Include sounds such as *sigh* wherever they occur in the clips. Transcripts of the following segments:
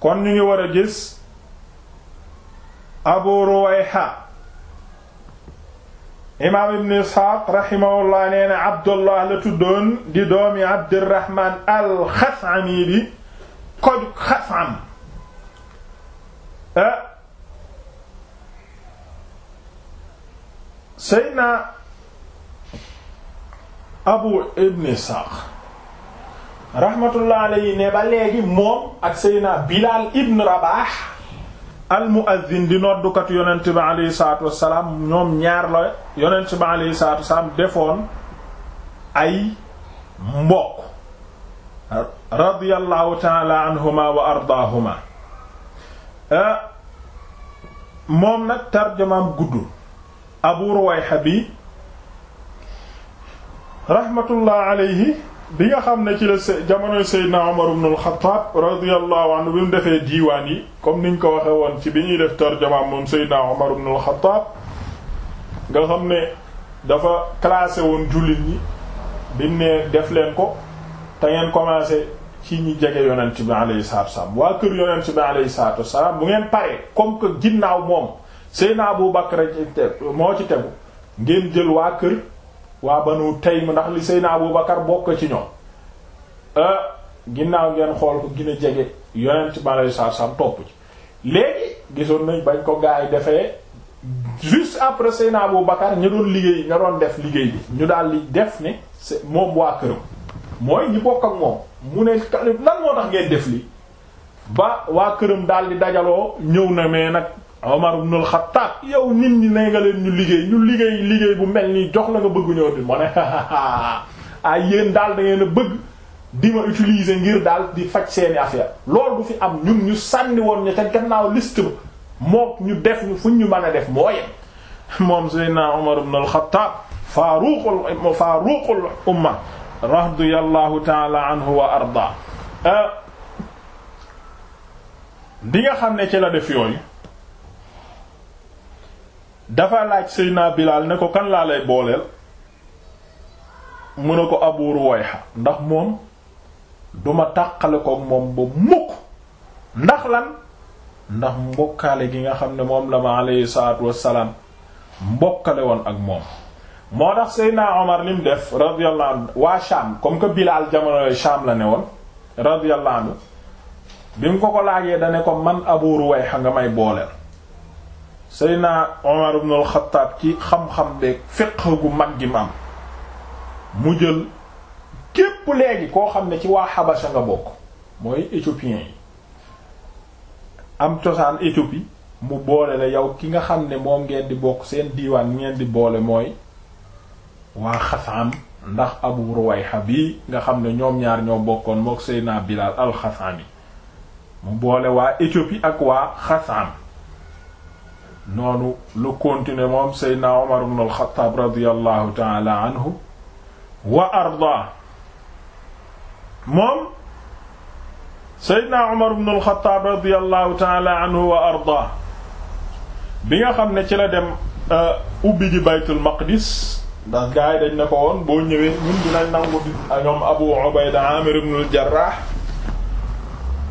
kon ñu ngi war a gis abu ruwayha imaam ibn isxaaq raximahullah nee na abdullah la tuddoon di doomi abdirahman al xasami bi koju xasam eh, seyna abu ibn isxaaq rahmatullah alayhi ne ba léegi moom ak Seydina Bilal ibn Rabah al muazzin di noddukat yonent bi alayhi salaatu wassalaam ñoom ñaar la yonent bi alayhi salaatu wassalaam defoon ay mbokk radiyallahu taala anhuma wa ardaahuma moom nag tarjamaam gudd Abu Ruwayha bi rahmatullah alayhi bi nga xam ne ci la jamonoy Seydina Umar ibn al-Khattab radiyallahu anhu bi mu defee diiwaan yi comme niñ ko waxee woon ci bi ñuy def tarjama moom Seydina Umar ibn al-Khattab nga xam ne dafa classé woon jullit yi bi mu def leen ko te ngeen commencé ci ñi jege yonent bi alayhi salaatu wassalaam waa kër yonent bi alayhi salaatu wassalaam bu ngeen paree comme que ginnaaw moom Seydina Abu Bakr moo ci tegu ngeen jël waa kër waa banu mu ndax li naa Abu Bakar bokk ci ñoom ah, ginnaaw ngeen xool ko gën a jege yonent bi aleyhi topp ci léegi gisoon nañ bañ ko gaa yi defee juste après seyna Abu Bakar ñu doon liggéey nga doon def liggéey bi ñu daal di def ne moom waa këram mooy ñi bokk ak moom mu ne lan moo tax ngeen def li ba waa këram daal di dajaloo ñëw na mais nag Omar ibn al yow nit ñi ne nga leen ñu liggéey ñu liggéey liggéey bu mel nii jox la nga bëgg ñoo di ma ne ah *laughs* yéen daal da ngeen a bëgg di ma utiliser ngir daal di faj seeni affaire loolu bu fi am ñun ñu sànni woon ñu te gannaaw liste ba mook ñu def ñu fu ñu mën a def moo yem *laughs* moom Seydina Omar ibn al-Khattab faaruqul faaruqul umma radiyallahu ta'ala wa arda euh, di nga xam ne ci la def yooyu dafa laaj Seydina Bilaal ne ko kan laa lay booleel mu ne ko Abu Ruwayha ndax moom duma tàqale ko moom ba mukk ndax lan ndax mbokkaale gi nga xam ne moom la ma alayhi salaatu wassalaam mbokkale woon ak moom moo tax Seydina Omar mu def radiyallahu anhu waa Sham comme que Bilaal jamono Sham la ne woon radiyallahu anhu bi mu ko ko laajee da ne ko man Abu Ruwayha nga may booleel Seydina Omar ibn al ci xam-xam beeg fiqh gu mag gi ma am mu jël képp léegi koo xam ne ci waa Habasha nga bokk mooy éthiopiens yi am cosaan Éthiopie mu boole la yow ki nga xam ne moom ngeen di bokk seen diiwaan ngeen di boole mooy waa Xasam ndax Abu Ruwayha bi nga xam ne ñoom ñaar ñoo bokkoon mook Seydina Bilal al-Xasami mu boole waa Éthiopie ak waa Xasam noonu lu continuer moom seydna Umar ibn al-Khattab radiyallahu taala anhu wa arda moom seydna Umar ibn al-Khattab radiyallahu taala anhu wa arda bi nga xam ne ci la dem euh, ubbi ji baytul maqdis ndax gars dañ ne ko woon boo ñëwee ñun dinañ nangu di Abu Ubayda Amir ibn al-Jarrah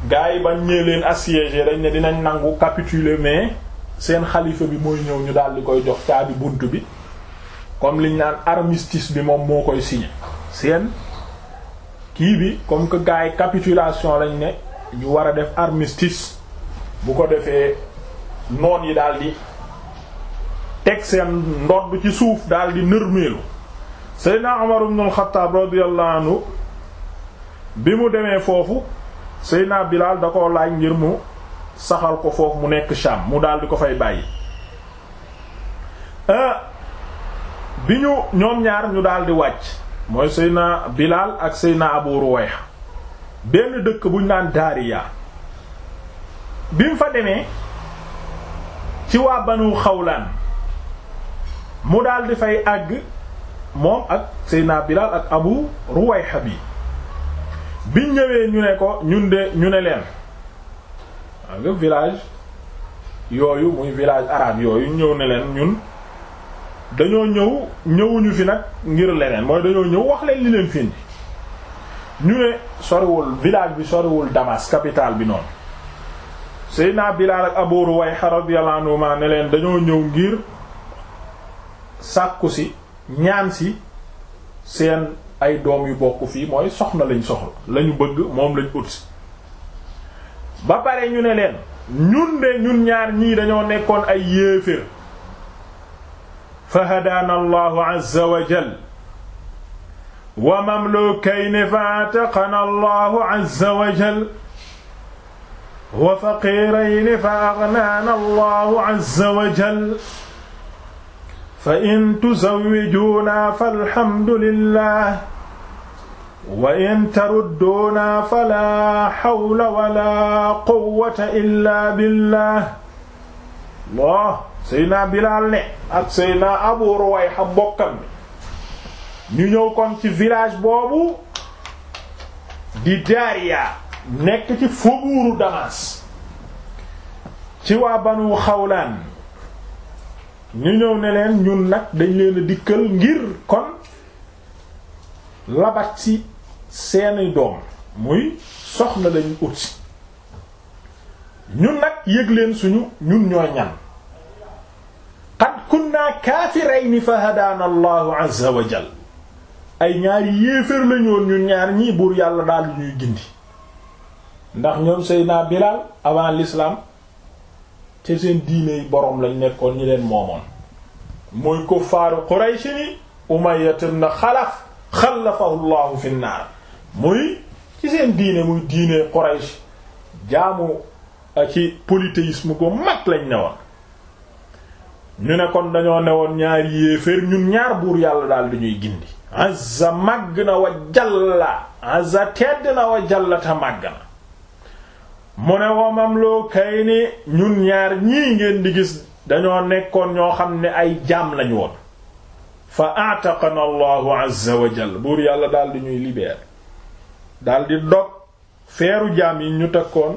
gars yi bañ ñëw leen assiégé dañ ne dinañ nangu capituler mais seen xalifa bi mooy ñëw ñu daal di koy jox caabi bunt bi comme liñ naan armistis bi moom moo koy signé seen kii bi comme que gars yi capitulation lañ ne ñu war a def armistis bu ko defee noon yi daal teg seen bi ci suuf daal di nërmeelu Seydina Umar ibn al-Khattab radiyallahu anhu bi mu demee foofu Seydina Bilal da ko laaj ngir mu saxal ko foofu mu nekk Sham mu daldi ko fay bàyyi euh, bi ñu ñoom ñaar ñu daldi wàcc mooy sëy Seyna Bilal ak Seyna Abu Ruwayha benn dëkk buñ naan Daariya bi mu fa demee ci waa Banu Xawlaan mu daldi fay àgg moom ak Seyna Bilal ak Abu Ruwayha bi biñ ñëwee ñu ne ko ñun ñu ne leen nga village yooyu muy village arabe yooyu ñëw ne leen ñun dañoo ñëw ñëwuñu fi nag ngir leneen mooy dañoo ñëw wax leen li leen fi indi ñu ne soriwul village bi soriwul Damas capitale bi noonu Seydina Bilaal ak Abu Ruwayha radiyallahu anhuma ne leen dañoo ñëw ngir sàkku si ñaan si seen ay doom yu bokk fii mooy soxna lañ soxla lañu bëgg moom lañ ut si ba pare ñu ne leen ñun ñaar ñii dañoo nekkoon ay yéefér fa hadaana allahu azza wa jal wa mamlukayni fa ataqana allahu wa jal wa faqirayni fa agnaana allahu azza wa jal fa in tuzawwijuuna fa alhamdulillah wa in tarudduuna fala hawla wala quwwata illa billah Allah Seydina Bilaal ne ak Seydina Abu Ruwayha bokkam bi ñu ñëw kon ci village boobu di Daariya nekk ci faubourg Damas ci waa Banu Xawlaan ñu ñëw ne ñun nag dañ leen a dikkal ngir kon labat si seeni doom muy soxna lañu utsi ñun nag yëg leen suñu ñun ñooy ñan qad kunna kaafirayni fa hadaana allahu azza wa jal ay ñaari yéeféer lañoon ñun ñaar ñii buur yàlla daal ñuy gindi ndax ñoom Seydina Bilal avant lislaam ci seen diine boroom lañ nekkoon ñi leen moomoon muy kuffaaru Quraysh ni Umayya ibn Xalaf xalafahu llahu fi nnaar muy ci seen diine muy diine Quraysh jaamu ci polythéisme ko mag lañ ne woon ñu ne kon dañoo ne woon ñaari yéeféer ñun ñaar buur yàlla daal di ñuy gindi azza màgg na wa jalla azza na mu ne wa mamloo kay ni ñun ñaar ñii ngeen di gis dañoo nekkoon ñoo xam ne ay jaam lañu woon fa ataqana allahu azza wa jalla buur yàlla daal di ñuy libeer daal di dog feeru jaam yi ñu takkoon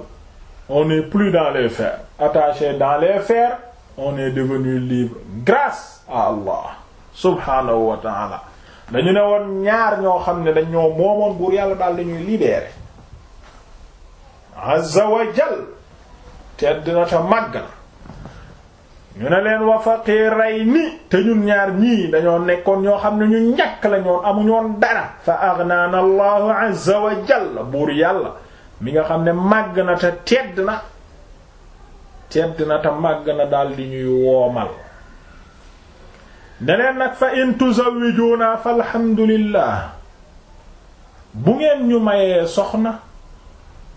on est plus dans les fers attaché dans les fers on est devenu libre grâce à Allah subhanahu wa dañu ne woon ñaar ñoo xam ne dañoo moomoon buur yàlla daal dañuy libéré azza wa jal tedd na te màgg na ñu ne leen wa faqirayni te ñun ñaar ñii dañoo nekkoon ñoo xam ne ñu ñàkk la ñoon amuñoon dara fa aghnana allahu azza wa buur yàlla mi nga xam ne màgg na te tedd na tedd na te màgg na daal ñuy woomal ne leen nag fa in tuzawwijuna fa alhamdulillah bu ngeen ñu mayee soxna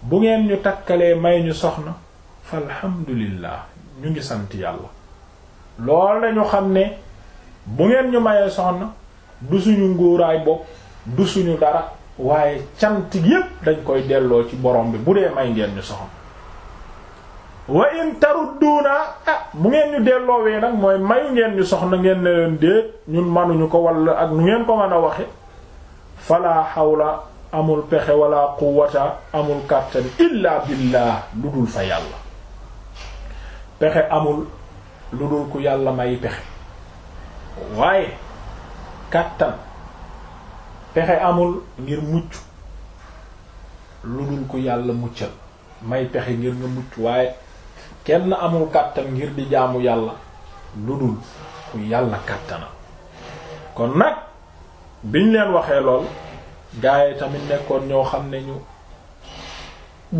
bu ngeen ñu takkalee may ñu soxna fa alhamdulillah ñu ngi sant yàlla loolu lañu xam ne bu ngeen ñu mayee soxna du suñu ngóoraay bopp du suñu dara waaye cant yépp dañ koy delloo ci borom bi bu dee may ngeen ñu soxna wa in tarudduuna ah bu ngeen ñu delloowee nag mooy may ngeen ñu soxna ngeen ne leen déet ñun manuñu ko walla ak nu ngeen ko mën a waxe falaa xawla amul pexe wala quwwata amul kàttan illa billah lu dul fa yàlla pexe amul lu dul ku yàlla may pexe waaye kàttan pexe amul ngir mucc lu dul ku yàlla muccal may pexe ngir nga mucc waaye kenn amul kàttan ngir di jaamu yàlla lu dul ku yàlla kàttana kon nag biñ leen waxee lool gaa yi tamit nekkoon ñoo xam ne ñu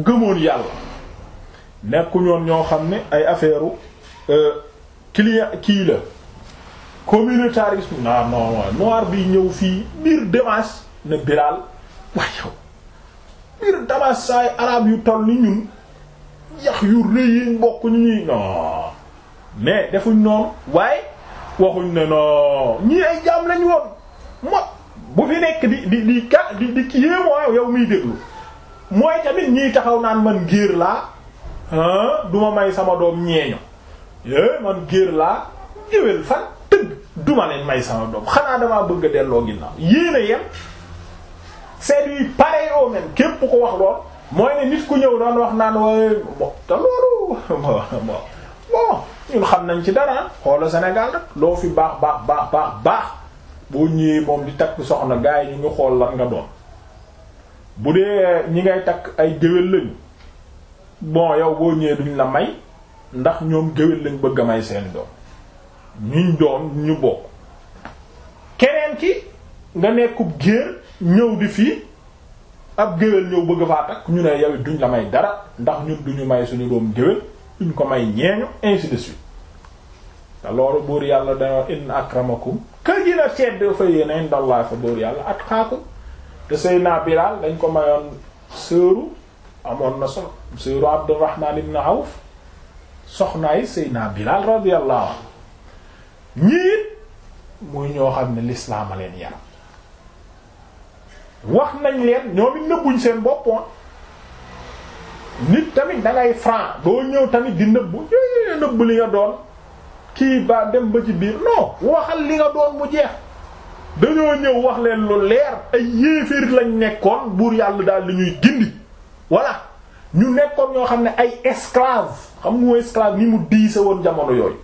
gëmoon yàlla nekkuñoon ñoo xam ne ay affaire euh, client kii la communautarisme non non noir bi ñëw fii mbir Damas ne Bilaal waaye yow biir Damas saay arab yu toll ni ñun yax yu rëy yi bokk ñu ñuy non mais defuñ noonu waaye waxuñ ne non ñii ay jaam lañ woon mot bu fi nekk di di di ka di di kii mooy yow muy déglu mooy tamit ñiy taxaw naan man ngir laa du may sama doom ñeeño é man géer laa géwél fan tëgg duma leen may sama doom xanaa damaa bëgg a delloo ginnaaw yéen a yem c'est du pareil au même képp ko wax lool mooy ne nit ku ñëw doon wax naan waaye bo te loolu *laughs* bon ñun xam nañ ci dara xoola Sénégal loo fi baax baax boo ñëwee moom di takk soxna gars yi ñu ngi xool lan nga doon bu dee ñi ngay takk ay géwél lañu bon yow boo ñëwee duñ la may ndax ñoom géwél lañ bëgg a may seen doom ñuñ doon ñu bokk keneen ki nga nekkub géer ñëw di fii ab géwél ñëw bëgg faa takk ñu ne yow duñ la may dara ndax ñu duñu may suñu doom géwél duñ ko may ñeeñu ainsi de buur yàlla dañoo inna akramakum kër gi na sedd fa yéen dañ ko mayoon sëru amoon na solo sëru Abdurrahman ibn Awf soxnaay Seydina Bilal radiyallahu anhu ñii muy ñoo xam ne lislaam a leen yaram wax nañ leen ñoom nëbbuñ seen boppoon nit tamit da ngay doo ñëw tamit di nëbbu yéen eh, nëbb li nga doon kii ba dem ba ci biir non waxal li nga doon mu jeex dañoo ñëw wax leen lu leer ay yéeféer lañ nekkoon buur yàlla daal li ñuy gindi voilà ñu nekkoon ñoo xam ne ay esclave xam nga mooy esclave ni mu diise woon jamono yooyu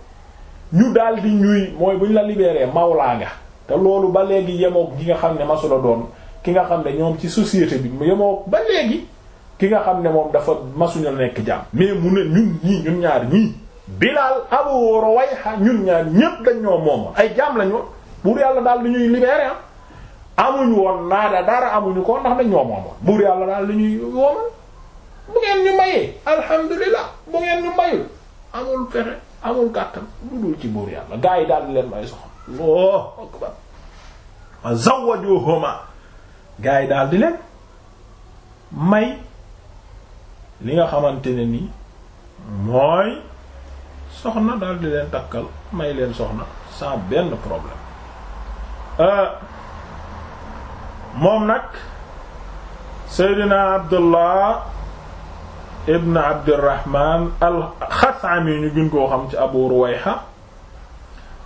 ñu daal di ñuy mooy bu ñu la libéré mawlaa nga te loolu ba léegi yemoog gi nga xam ne masula doon ki nga xam ne ñoom ci société bi mu ba léegi ki nga xam ne moom dafa masuñu nekk jaam mais mu ne ñun ñii ñun ñaar ñii Bilaal Abu Ruwayha ñun ñaar ñépp dañ ñoo moom ay jaam lañ woon buur yàlla daal di ñuy libéré ah. amuñu amuñ woon naada dara amuñu ko ndax dañ ñoo bu ngeen ñu mayee alhamdulilah bu ngeen ñu mayul amul fexe amul kàttan lu dul ci buur yàlla gaa yi daal leen may li nga xamante ne nii mooy soxna daal di leen takkal may leen soxna sans benn problème euh, moom nag Seydina Abdullah ibn abdirahman alxasami ñu gën koo xam ci abu ruwayha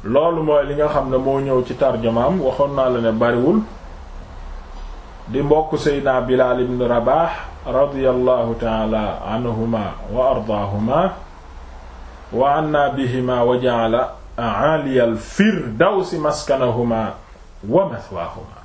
loolu mooy li nga xam ne moo ñëw ci tarjamaam waxoon naa la ne bariwul di mbokk seydna bilaal ibn rabax radiyallahu taala anhuma wa ardaahuma wa anna bihima wa ja'ala aaliyal firdawsi maskanahuma wa mathwaahuma